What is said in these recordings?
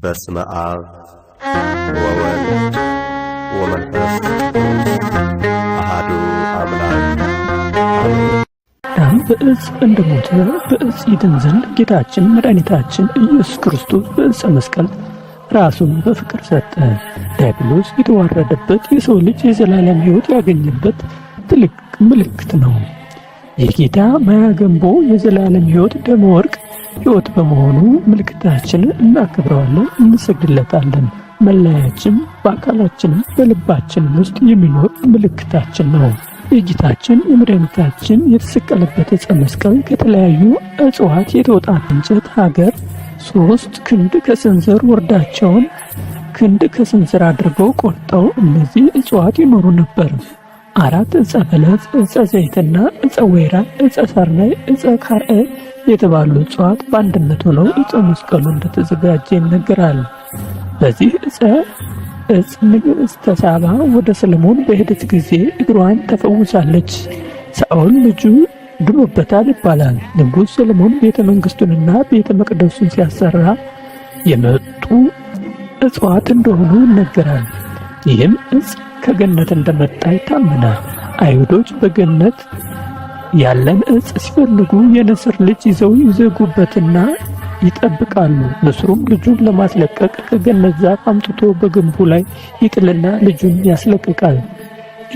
በስመ አብ ወወልድ ወመንፈስ ቅዱስ አሐዱ አምላክ። በእጽ በዕፅ እንደሞተ በእጽ ይድን ዘንድ ጌታችን መድኃኒታችን ኢየሱስ ክርስቶስ በዕፀ መስቀል ራሱን በፍቅር ሰጠ። ዲያብሎስ የተዋረደበት የሰው ልጅ የዘላለም ሕይወት ያገኘበት ትልቅ ምልክት ነው። የጌታ ማያ ገንቦ የዘላለም ሕይወት ደመ ወርቅ ሕይወት በመሆኑ ምልክታችን እናከብረዋለን፣ እንሰግድለታለን። መለያችን በአካላችንም በልባችንም ውስጥ የሚኖር ምልክታችን ነው። የጌታችን የመድኃኒታችን የተሰቀለበት ዕፀ መስቀል ከተለያዩ እጽዋት የተወጣት እንጨት ሀገር ሶስት ክንድ ከስንዝር ወርዳቸውን ክንድ ከስንዝር አድርገው ቆርጠው እነዚህ እጽዋት ይኖሩ ነበር። አራት ዕፀ በለስ፣ እጸ ዘይትና እጸ ወይራ፣ ዕፀ ሰርናይ፣ እፀ ካርአ የተባሉ እጽዋት በአንድነት ሆነው እጸ መስቀሉ እንደተዘጋጀ ይነገራል። በዚህ ዕፀ እጽ ንግሥተ ሳባ ወደ ሰለሞን በሄደች ጊዜ እግሯን ተፈውሳለች። ሳኦል ልጁ ድኖበታል ይባላል። ንጉሥ ሰለሞን ቤተ መንግሥቱንና ቤተ መቅደሱን ሲያሰራ የመጡ እጽዋት እንደሆኑ ይነገራል። ይህም እጽ ከገነት እንደመጣ ይታመናል። አይሁዶች በገነት ያለን እጽ ሲፈልጉ የንስር ልጅ ይዘው ይዘጉበትና ይጠብቃሉ። ንስሩም ልጁን ለማስለቀቅ ከገነት ዛፍ አምጥቶ በግንቡ ላይ ይጥልና ልጁን ያስለቅቃል።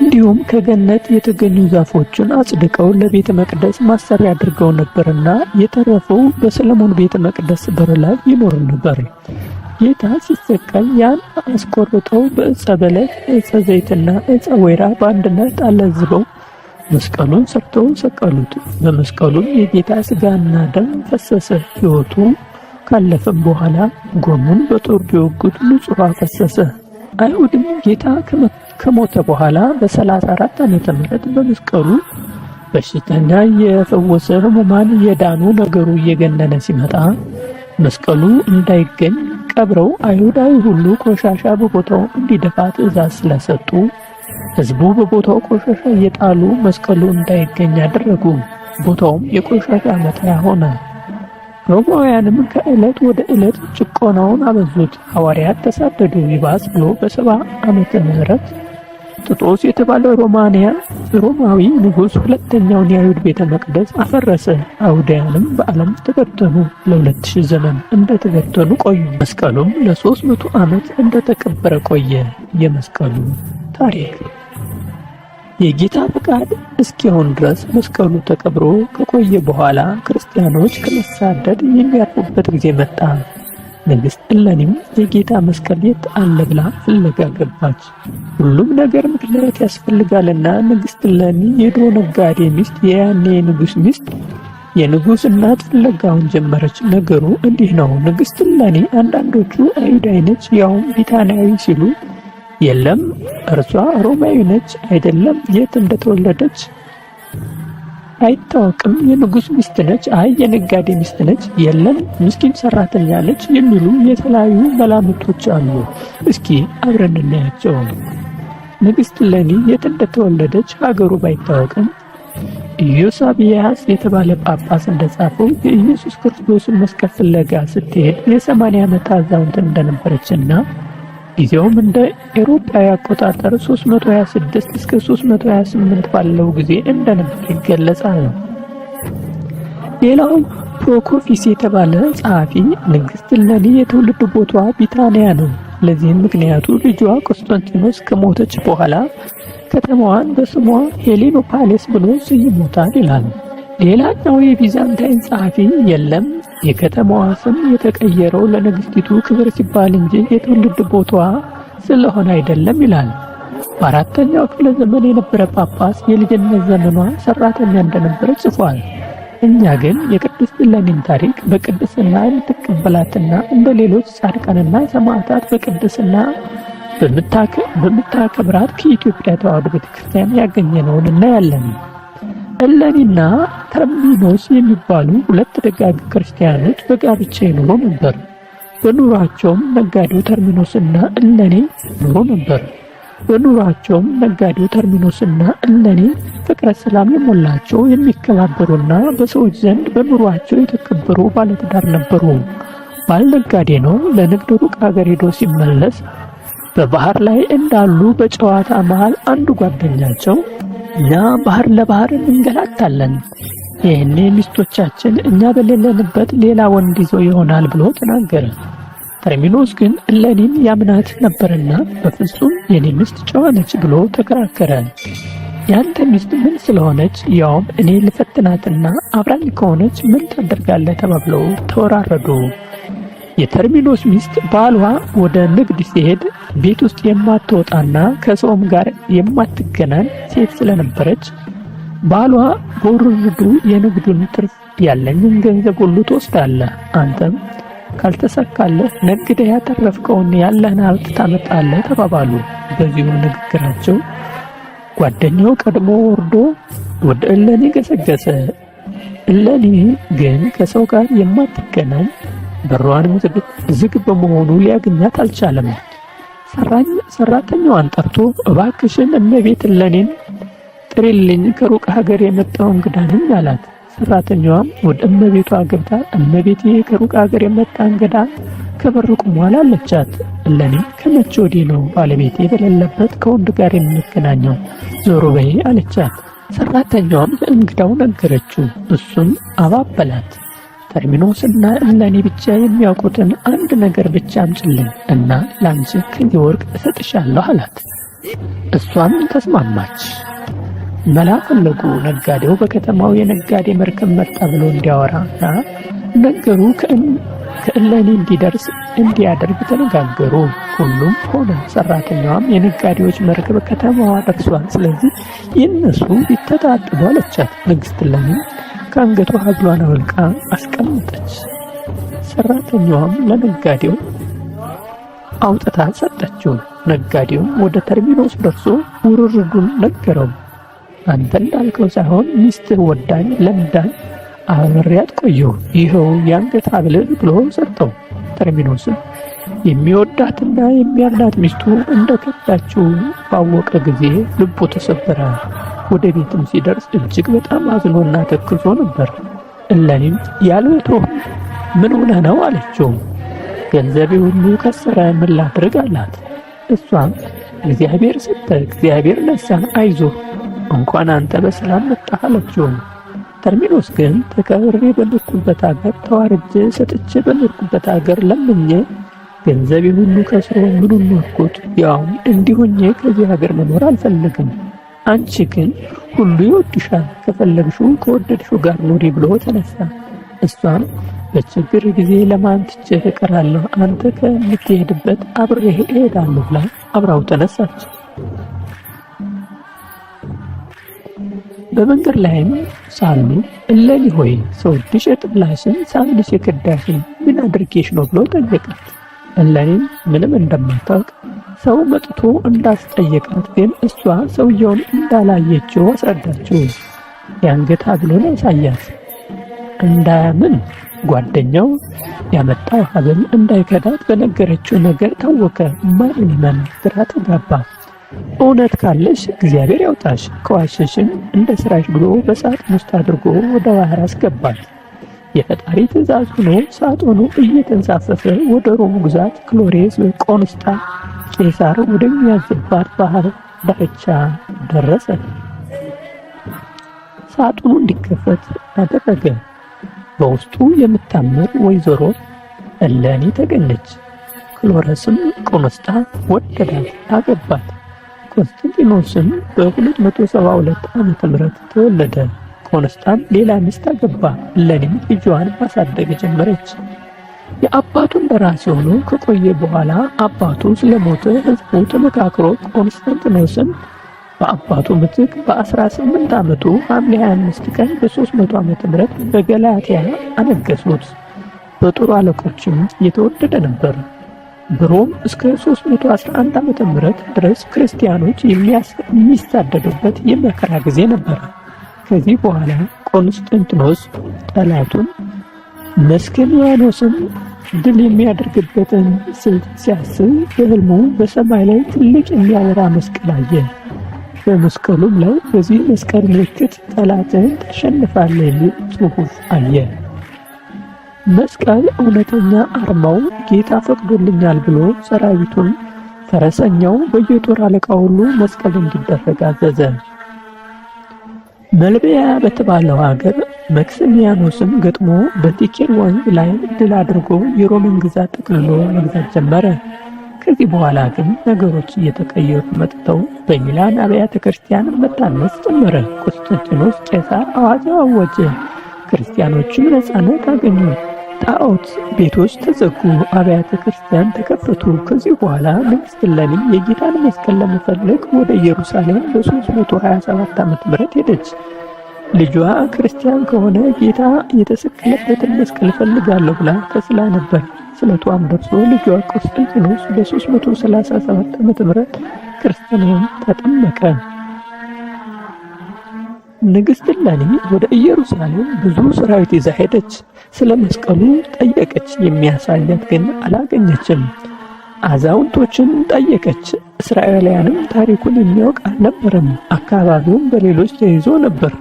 እንዲሁም ከገነት የተገኙ ዛፎችን አጽድቀው ለቤተ መቅደስ ማሰሪያ አድርገው ነበርና የተረፈው በሰለሞን ቤተ መቅደስ በር ላይ ይኖር ነበር። ጌታ ሲሰቀል ያን አስቆርጠው በዕፀ በለስ፣ ዕፀ ዘይትና ዕፀ ወይራ በአንድነት አለዝበው መስቀሉን ሰርተው ሰቀሉት። በመስቀሉም የጌታ ስጋና ደም ፈሰሰ። ሕይወቱ ካለፈም በኋላ ጎኑን በጦር ቢወጉት ንጹሕ ፈሰሰ። አይሁድም ጌታ ከሞተ በኋላ በ34 ዓመተ ምህረት በመስቀሉ በሽተኛ የፈወሰ ሕሙማን የዳኑ ነገሩ እየገነነ ሲመጣ መስቀሉ እንዳይገኝ ቀብረው አይሁዳዊ ሁሉ ቆሻሻ በቦታው እንዲደፋ ትእዛዝ ስለሰጡ ሕዝቡ በቦታው ቆሻሻ እየጣሉ መስቀሉ እንዳይገኝ አደረጉ። ቦታውም የቆሻሻ መጣያ ሆነ። ሮማውያንም ከዕለት ወደ ዕለት ጭቆናውን አበዙት። ሐዋርያት ተሳደዱ። ይባስ ብሎ በሰባ ዓመተ ምህረት ጥጦስ የተባለ ሮማንያ ሮማዊ ንጉሥ ሁለተኛውን የአይሁድ ቤተ መቅደስ አፈረሰ። አይሁዳውያንም በዓለም ተበተኑ። ለሁለት ሺህ ዘመን እንደተበተኑ ቆዩ። መስቀሉም ለ መቶ ዓመት እንደተቀበረ ቆየ። የመስቀሉ ታሪክ የጌታ ፈቃድ እስኪሆን ድረስ መስቀሉ ተቀብሮ ከቆየ በኋላ ክርስቲያኖች ከመሳደድ የሚያርፉበት ጊዜ መጣ። ንግሥት እሌኒም የጌታ መስቀል የት አለ ብላ ፍለጋ ገባች። ሁሉም ነገር ምክንያት ያስፈልጋልና ንግሥት ለኒ የድሮ ነጋዴ ሚስት፣ የያኔ የንጉሥ ሚስት፣ የንጉሥ እናት ፍለጋውን ጀመረች። ነገሩ እንዲህ ነው። ንግሥት ለኒ አንዳንዶቹ አይሁዳዊ ነች ያውም ቢታንያዊ ሲሉ፣ የለም እርሷ ሮማዊ ነች አይደለም የት እንደተወለደች አይታወቅም። የንጉስ ሚስት ነች፣ አይ የነጋዴ ሚስት ነች፣ የለም ምስኪን ሰራተኛ ነች የሚሉ የተለያዩ መላምቶች አሉ። እስኪ አብረን እናያቸው። ንግስት ለኒ የት እንደተወለደች ሀገሩ ባይታወቅም ኢዮሳብያስ የተባለ ጳጳስ እንደጻፈው የኢየሱስ ክርስቶስን መስቀል ፍለጋ ስትሄድ የሰማንያ ዓመት አዛውንት እንደነበረችና ጊዜውም እንደ ኤሮፓዊ አቆጣጠር 326 እስከ 328 ባለው ጊዜ እንደነበር ይገለጻል። ሌላው ፕሮኮፊስ የተባለ ጸሐፊ ንግሥት እሌኒ የትውልድ ቦታዋ ቢታንያ ነው። ለዚህም ምክንያቱ ልጇ ቆስጠንጢኖስ ከሞተች በኋላ ከተማዋን በስሟ ሄሌኖ ብሎ ስይሞታል ይላል። ሌላኛው የቢዛንታይን ጸሐፊ የለም የከተማዋ ስም የተቀየረው ለንግሥቲቱ ክብር ሲባል እንጂ የትውልድ ቦታዋ ስለሆነ አይደለም ይላል። በአራተኛው ክፍለ ዘመን የነበረ ጳጳስ የልጅነት ዘመኗ ሰራተኛ እንደነበረ ጽፏል። እኛ ግን የቅድስት ዕሌኒን ታሪክ በቅድስና የምትቀበላትና እንደ ሌሎች ጻድቃንና ሰማዕታት በቅድስና በምታከብራት ከኢትዮጵያ ተዋሕዶ ቤተክርስቲያን ያገኘነውን እናያለን። እለሚና ተርሚኖስ የሚባሉ ሁለት ደጋግ ክርስቲያኖች በጋብቻ ይኖሩ ነበር። በኑሯቸውም ነጋዴው ተርሚኖስና እለኔ ይኖሩ ነበር። በኑሯቸውም ነጋዴው ተርሚኖስና እለኔ ፍቅረ ሰላም የሞላቸው የሚከባበሩና በሰዎች ዘንድ በኑሯቸው የተከበሩ ባለትዳር ነበሩ። ባል ነጋዴ ነው። ለንግድ ሩቅ ሀገር ሄዶ ሲመለስ በባህር ላይ እንዳሉ በጨዋታ መሃል አንዱ ጓደኛቸው እኛ ባህር ለባህር እንገላታለን። ይህኔ ሚስቶቻችን እኛ በሌለንበት ሌላ ወንድ ይዞ ይሆናል ብሎ ተናገረ። ተርሚኖስ ግን እለኒን ያምናት ነበርና በፍጹም የኔ ሚስት ጨዋነች ብሎ ተከራከረ። ያንተ ሚስት ምን ስለሆነች ያውም እኔ ልፈትናትና አብራኝ ከሆነች ምን ታደርጋለህ ተባብለው ተወራረዱ። የተርሚኖስ ሚስት ባሏ ወደ ንግድ ሲሄድ ቤት ውስጥ የማትወጣና ከሰውም ጋር የማትገናኝ ሴት ስለነበረች ባሏ በውርርዱ የንግዱን ትርፍ ያለኝን ገንዘብ ሁሉ ትወስዳለህ፣ አንተም ካልተሳካለህ ነግደህ ያተረፍከውን ያለህን ሀብት ታመጣለህ ተባባሉ። በዚሁ ንግግራቸው ጓደኛው ቀድሞ ወርዶ ወደ እለኒ ገሰገሰ። እለኒ ግን ከሰው ጋር የማትገናኝ ምድር ዝግ በመሆኑ ሊያገኛት አልቻለም። ሰራተኛዋን ጠርቶ እባክሽን እመቤት ለኔን ጥሪልኝ ከሩቅ ሀገር የመጣው እንግዳ ነኝ አላት። ሰራተኛዋም ወደ እመቤቷ ገብታ እመቤቴ ከሩቅ ሀገር የመጣ እንግዳ ከበር ቁሟል አለቻት። እለኔ ከመቼ ወዲህ ነው ባለቤት የበለለበት ከወንድ ጋር የሚገናኘው ዞሮ በይ አለቻት። ሰራተኛዋም ለእንግዳው ነገረችው። እሱም አባበላት። ተርሚኖስ እና ለእኔ ብቻ የሚያውቁትን አንድ ነገር ብቻ አምጭልኝ እና ለአንቺ ክንድ ወርቅ እሰጥሻለሁ አላት። እሷም ተስማማች። መላ ፈለጉ። ነጋዴው በከተማው የነጋዴ መርከብ መጣ ብሎ እንዲያወራና ነገሩ ከእለኔ እንዲደርስ እንዲያደርግ ተነጋገሩ። ሁሉም ሆነ። ሰራተኛዋም የነጋዴዎች መርከብ ከተማዋ ደርሷል፣ ስለዚህ የእነሱ ይተጣጥሉ አለቻት። ንግሥት እለኔ ከአንገቷ ሀብሏን አውልቃ አስቀመጠች። ሰራተኛዋም ለነጋዴው አውጥታ ሰጠችው። ነጋዴውም ወደ ተርሚኖስ ደርሶ ውርርዱን ነገረው። አንተ እንዳልከው ሳይሆን ሚስትህ ወዳኝ ለምዳኝ አብሬያት ቆየሁ፣ ይኸው የአንገት ሀብል ብሎ ሰጠው። ተርሚኖስም የሚወዳትና የሚያምናት ሚስቱ እንደከዳችው ባወቀ ጊዜ ልቡ ተሰበረ። ወደ ቤትም ሲደርስ እጅግ በጣም አዝኖና ተክዞ ነበር። እለኔም ያልበቶ ምን ሆነ ነው አለችው። ገንዘቤ ሁሉ ከሰረ ምን ላድርግ አላት። እሷም እግዚአብሔር ሰጠ፣ እግዚአብሔር ነሳ፣ አይዞ እንኳን አንተ በሰላም መጣ አለችው። ተርሚኖስ ግን ተከብሬ በኖርኩበት አገር ተዋርጄ ሰጥቼ በኖርኩበት አገር ለምኜ ገንዘቤ ሁሉ ከስሮ ምን ሁሉ ያው እንዲሆኜ ከዚህ ሀገር መኖር አልፈለግም። አንቺ ግን ሁሉ ይወድሻል፣ ከፈለግሽው ከወደድሽው ጋር ኑሪ ብሎ ተነሳ። እሷም በችግር ጊዜ ለማን ትቼህ እቀራለሁ? አንተ ከምትሄድበት አብር እሄዳለሁ ብላ አብራው ተነሳች። በመንገድ ላይም ሳሉ እለሊ ሆይ ሰውድሽ የጠላሽን ሳንድሽ የከዳሽን ምን አድርጌሽ ነው ብሎ ጠየቃት። ለእኔ ምንም እንደማታውቅ ሰው መጥቶ እንዳስጠየቃት ግን እሷ ሰውየውን እንዳላየችው አስረዳችው። የአንገት ሐብሉን ያሳያት እንዳያምን ጓደኛው ያመጣው ሀብል እንዳይከዳት በነገረችው ነገር ታወከ። ማን ሊመን ግራ ተጋባ። እውነት ካለሽ እግዚአብሔር ያውጣሽ፣ ከዋሸሽም እንደ ስራሽ ብሎ በሳጥን ውስጥ አድርጎ ወደ ባህር አስገባት። የፈጣሪ ትእዛዝ ሆኖ ሳጥኑ እየተንሳፈፈ ወደ ሮም ግዛት ክሎሬስ ቆንስጣ ቄሳር ወደሚያዝባት ባህር ዳርቻ ደረሰ። ሳጥኑ እንዲከፈት አደረገ። በውስጡ የምታምር ወይዘሮ እለኒ ተገኘች። ክሎረስም ቆንስጣ ወደዳት፣ አገባት። ቆንስጠንጢኖስም በ272 ም ተወለደ። ሆነስታም ሌላ ሚስት አገባ። ለኔም ልጇን ማሳደግ ጀመረች። የአባቱን ደራሲ ሆኖ ከቆየ በኋላ አባቱ ስለሞተ ህዝቡ ተመካክሮ ቆንስታንቲኖስን በአባቱ ምትክ በ18 ዓመቱ ሐምሌ 25 ቀን በ300 ዓመተ ምህረት በገላትያ አነገሱት። በጦር አለቆችም የተወደደ ነበር። በሮም እስከ 311 ዓመተ ምህረት ድረስ ክርስቲያኖች የሚሳደዱበት የመከራ ጊዜ ነበር። ከዚህ በኋላ ቆንስጠንጢኖስ ጠላቱን መስከሚያኖስን ድል የሚያደርግበትን ስልት ሲያስብ በሕልሙ በሰማይ ላይ ትልቅ የሚያበራ መስቀል አየ። በመስቀሉም ላይ በዚህ መስቀል ምልክት ጠላትን ታሸንፋለህ የሚል ጽሑፍ አየ። መስቀል እውነተኛ አርማው ጌታ ፈቅዶልኛል ብሎ ሰራዊቱን ፈረሰኛው በየጦር አለቃ ሁሉ መስቀል እንዲደረግ አዘዘ። መልቢያ በተባለው ሀገር መክሲሚያኖስን ገጥሞ በቲኬር ወንዝ ላይ ድል አድርጎ የሮምን ግዛት ጠቅልሎ መግዛት ጀመረ። ከዚህ በኋላ ግን ነገሮች እየተቀየሩ መጥተው በሚላን አብያተ ክርስቲያን መታነስ ጀመረ። ቆስጠንጢኖስ ቄሳር አዋጅ አወጀ፣ ክርስቲያኖችም ነፃነት አገኙ። ጣዖት ቤቶች ተዘጉ፣ አብያተ ክርስቲያን ተከፈቱ። ከዚህ በኋላ መንግስት እላኒ የጌታን መስቀል ለመፈለግ ወደ ኢየሩሳሌም በ327 ዓመተ ምህረት ሄደች። ልጇ ክርስቲያን ከሆነ ጌታ የተሰቀለበትን መስቀል ፈልጋለሁ ብላ ተስላ ነበር። ስለቷም ደርሶ ልጇ ቆስጠንጢኖስ በ337 ዓመተ ምት ክርስትናን ተጠመቀ። ንግሥት እሌኒም ወደ ኢየሩሳሌም ብዙ ሠራዊት ይዛ ሄደች። ስለ መስቀሉ ጠየቀች፣ የሚያሳያት ግን አላገኘችም። አዛውንቶችን ጠየቀች፣ እስራኤላውያንም ታሪኩን የሚያውቅ አልነበረም። አካባቢውም በሌሎች ተይዞ ነበር።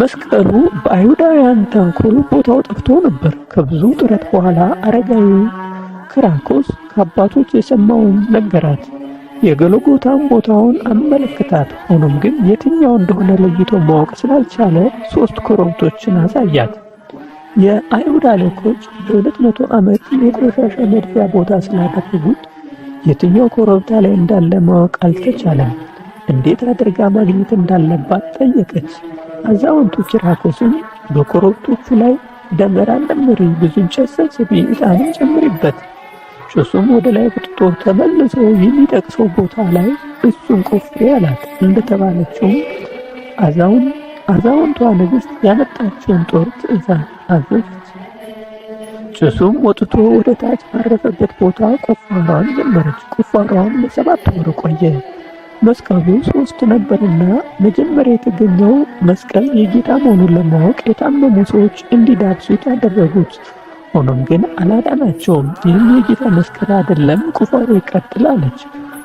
መስቀሉ በአይሁዳውያን ተንኮል ቦታው ጠፍቶ ነበር። ከብዙ ጥረት በኋላ አረጋዊ ክራኮስ ከአባቶች የሰማውን ነገራት። የገለጎታን ቦታውን አመለክታት። ሆኖም ግን የትኛው እንደሆነ ለይቶ ማወቅ ስላልቻለ ሶስት ኮረብቶችን አሳያት። የአይሁድ አለቆች ለሁለት መቶ ዓመት የቆሻሻ መድፊያ ቦታ ስላደረጉት የትኛው ኮረብታ ላይ እንዳለ ማወቅ አልተቻለም። እንዴት አድርጋ ማግኘት እንዳለባት ጠየቀች። አዛውንቱ ኪራኮስም በኮረብቶቹ ላይ ደመራ ደምሪ፣ ብዙ እንጨት ሰብስቢ፣ ዕጣንም ጨምሪበት እሱም ወደ ላይ ወጥቶ ተመልሶ የሚጠቅሰው ቦታ ላይ እሱን ቆፍሬ አላት። እንደተባለችውም አዛውን አዛውንቷ ንግሥት ያመጣችውን ጦር ትእዛዝ አዘዝ። ጭሱም ወጥቶ ወደ ታች ባረፈበት ቦታ ቁፋሯን ጀመረች። ቁፋሯን ለሰባት ወር ቆየ። መስቀሉ ሶስት ነበርና መጀመሪያ የተገኘው መስቀል የጌታ መሆኑን ለማወቅ የታመሙ ሰዎች እንዲዳብሱት ያደረጉት። ሆኖም ግን አላዳናቸውም። ይህም የጌታ መስቀል አይደለም፣ ቁፋሮ ይቀጥላለች።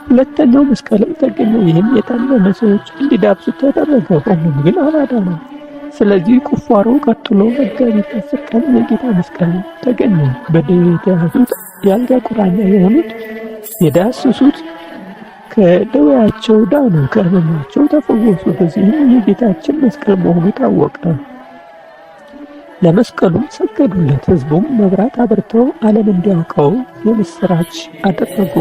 ሁለተኛው መስቀል ላይ ይህም የታመመ ሰዎች እንዲዳብሱ ተደረገ። ሆኖም ግን አላዳነም። ስለዚህ ቁፋሮ ቀጥሎ መጋቢት አስር ቀን የጌታ መስቀል ተገኘ። በደዌ የተያዙት የአልጋ ቁራኛ የሆኑት የዳሰሱት ከደዌያቸው ዳኑ፣ ከህመማቸው ተፈወሱ። በዚህም የጌታችን መስቀል መሆኑ ታወቀ። ለመስቀሉም ሰገዱለት። ሕዝቡም መብራት አብርተው ዓለም እንዲያውቀው የምሥራች አደረጉ።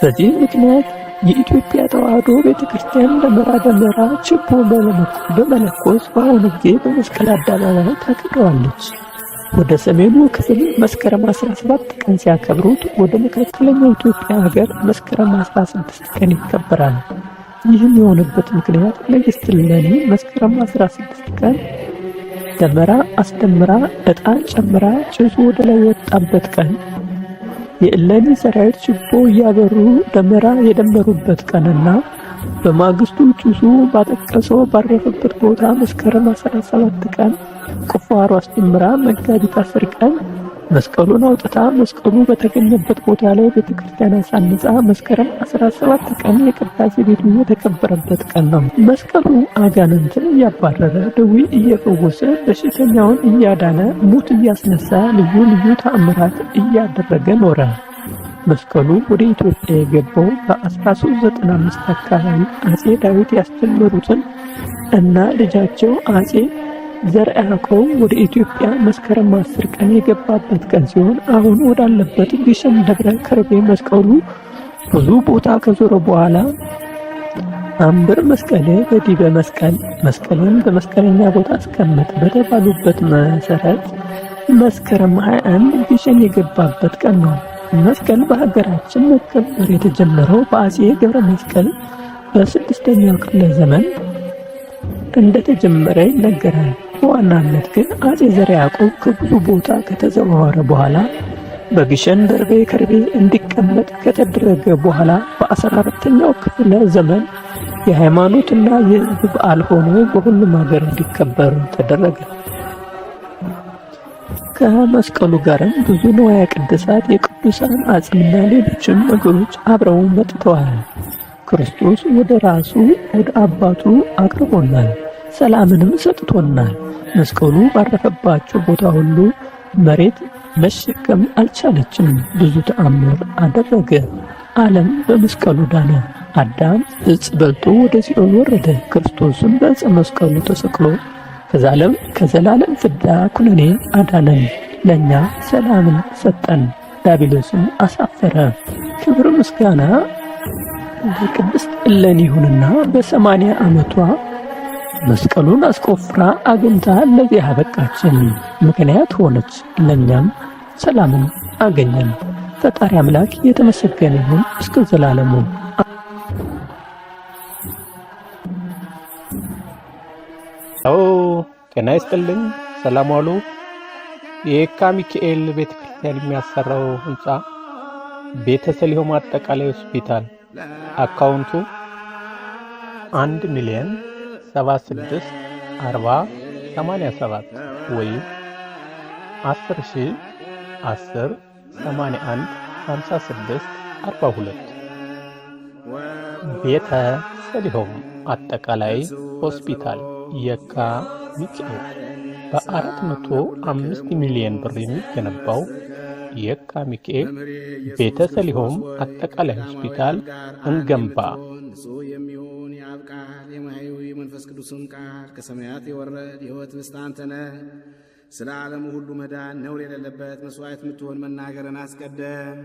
በዚህ ምክንያት የኢትዮጵያ ተዋሕዶ ቤተ ክርስቲያን ደመራ ደመራ ችቦ በመለኮስ በአሁኑ ጊዜ በመስቀል አደባባይ ታከብረዋለች። ወደ ሰሜኑ ክፍል መስከረም 17 ቀን ሲያከብሩት፣ ወደ መካከለኛው ኢትዮጵያ ሀገር መስከረም 16 ቀን ይከበራል። ይህም የሆነበት ምክንያት ለየት መስከረም 16 ቀን ደመራ አስደምራ ዕጣን ጨምራ ጭሱ ወደ ላይ ወጣበት ቀን የእለኒ ሰራዊት ችቦ እያበሩ ደመራ የደመሩበት ቀንና በማግስቱ ጭሱ ባጠቀሰው ባረፈበት ቦታ መስከረም 17 ቀን ቁፋሮ አስደምራ መጋቢት 10 ቀን መስቀሉን አውጥታ መስቀሉ በተገኘበት ቦታ ላይ ቤተክርስቲያን አሳንጻ መስከረም 17 ቀን የቅዳሴ ቤቱ የተከበረበት ቀን ነው። መስቀሉ አጋንንትን እያባረረ ደዌ እየፈወሰ በሽተኛውን እያዳነ ሙት እያስነሳ ልዩ ልዩ ተአምራት እያደረገ ኖረ። መስቀሉ ወደ ኢትዮጵያ የገባው በ1395 አካባቢ አጼ ዳዊት ያስጀመሩትን እና ልጃቸው አጼ ዘር ያዕቆብ ወደ ኢትዮጵያ መስከረም አስር ቀን የገባበት ቀን ሲሆን አሁን ወዳለበት ግሸን ደብረ ከርቤ መስቀሉ ብዙ ቦታ ከዞረ በኋላ አንብር መስቀል በዲበ መስቀል መስቀሉን በመስቀለኛ ቦታ አስቀምጥ በተባሉበት መሰረት መስከረም 21 ግሸን የገባበት ቀን ነው። መስቀል በሀገራችን መከበር የተጀመረው በአጼ ገብረ መስቀል በስድስተኛው ክፍለ ዘመን እንደተጀመረ ይነገራል። በዋናነት ግን አጼ ዘር ያዕቆብ ከብዙ ቦታ ከተዘዋወረ በኋላ በግሸን ደርቤ ከርቤ እንዲቀመጥ ከተደረገ በኋላ በ 14 ተኛው ክፍለ ዘመን የሃይማኖትና የሕዝብ በዓል ሆኖ በሁሉም ሀገር እንዲከበር ተደረገ። ከመስቀሉ ጋርም ብዙ ንዋየ ቅድሳት፣ የቅዱሳን አጽምና ሌሎችም ነገሮች አብረው መጥተዋል። ክርስቶስ ወደ ራሱ ወደ አባቱ አቅርቦናል። ሰላምንም ሰጥቶናል። መስቀሉ ባረፈባቸው ቦታ ሁሉ መሬት መሸከም አልቻለችም። ብዙ ተአምር አደረገ። ዓለም በመስቀሉ ዳነ። አዳም እጽ በልቶ ወደ ሲኦል ወረደ። ክርስቶስም በእጽ መስቀሉ ተሰቅሎ ከዛለም ከዘላለም ፍዳ ኩነኔ አዳነን። ለእኛ ሰላምን ሰጠን። ዳቢሎስን አሳፈረ። ክብር ምስጋና ለቅድስት እለን ይሁንና በሰማንያ ዓመቷ መስቀሉን አስቆፍራ አግኝታ ለዚህ ያበቃችን ምክንያት ሆነች። ለእኛም ሰላምን አገኘን። ፈጣሪ አምላክ የተመሰገነ ይሁን እስከ ዘላለሙ። አዎ ጤና ይስጥልኝ። ሰላም ዋሉ። የካ ሚካኤል ቤተክርስቲያን ክርስቲያን የሚያሰራው ህንፃ ቤተ ሰሊሆም አጠቃላይ ሆስፒታል አካውንቱ አንድ ሚሊዮን 76 40 87 ወይም 10000 10 81 56 42 ቤተ ሰሊሆም አጠቃላይ ሆስፒታል የካ ሚካኤል በ405 ሚሊዮን ብር የሚገነባው የካ ሚካኤል ቤተ ሰሊሆም አጠቃላይ ሆስፒታል እንገንባ የመንፈስ ቅዱስም ቃል ከሰማያት የወረድ የሕይወት ምስት አንተነ ስለ ዓለሙ ሁሉ መዳን ነውር የሌለበት መሥዋዕት የምትሆን መናገርን አስቀደም።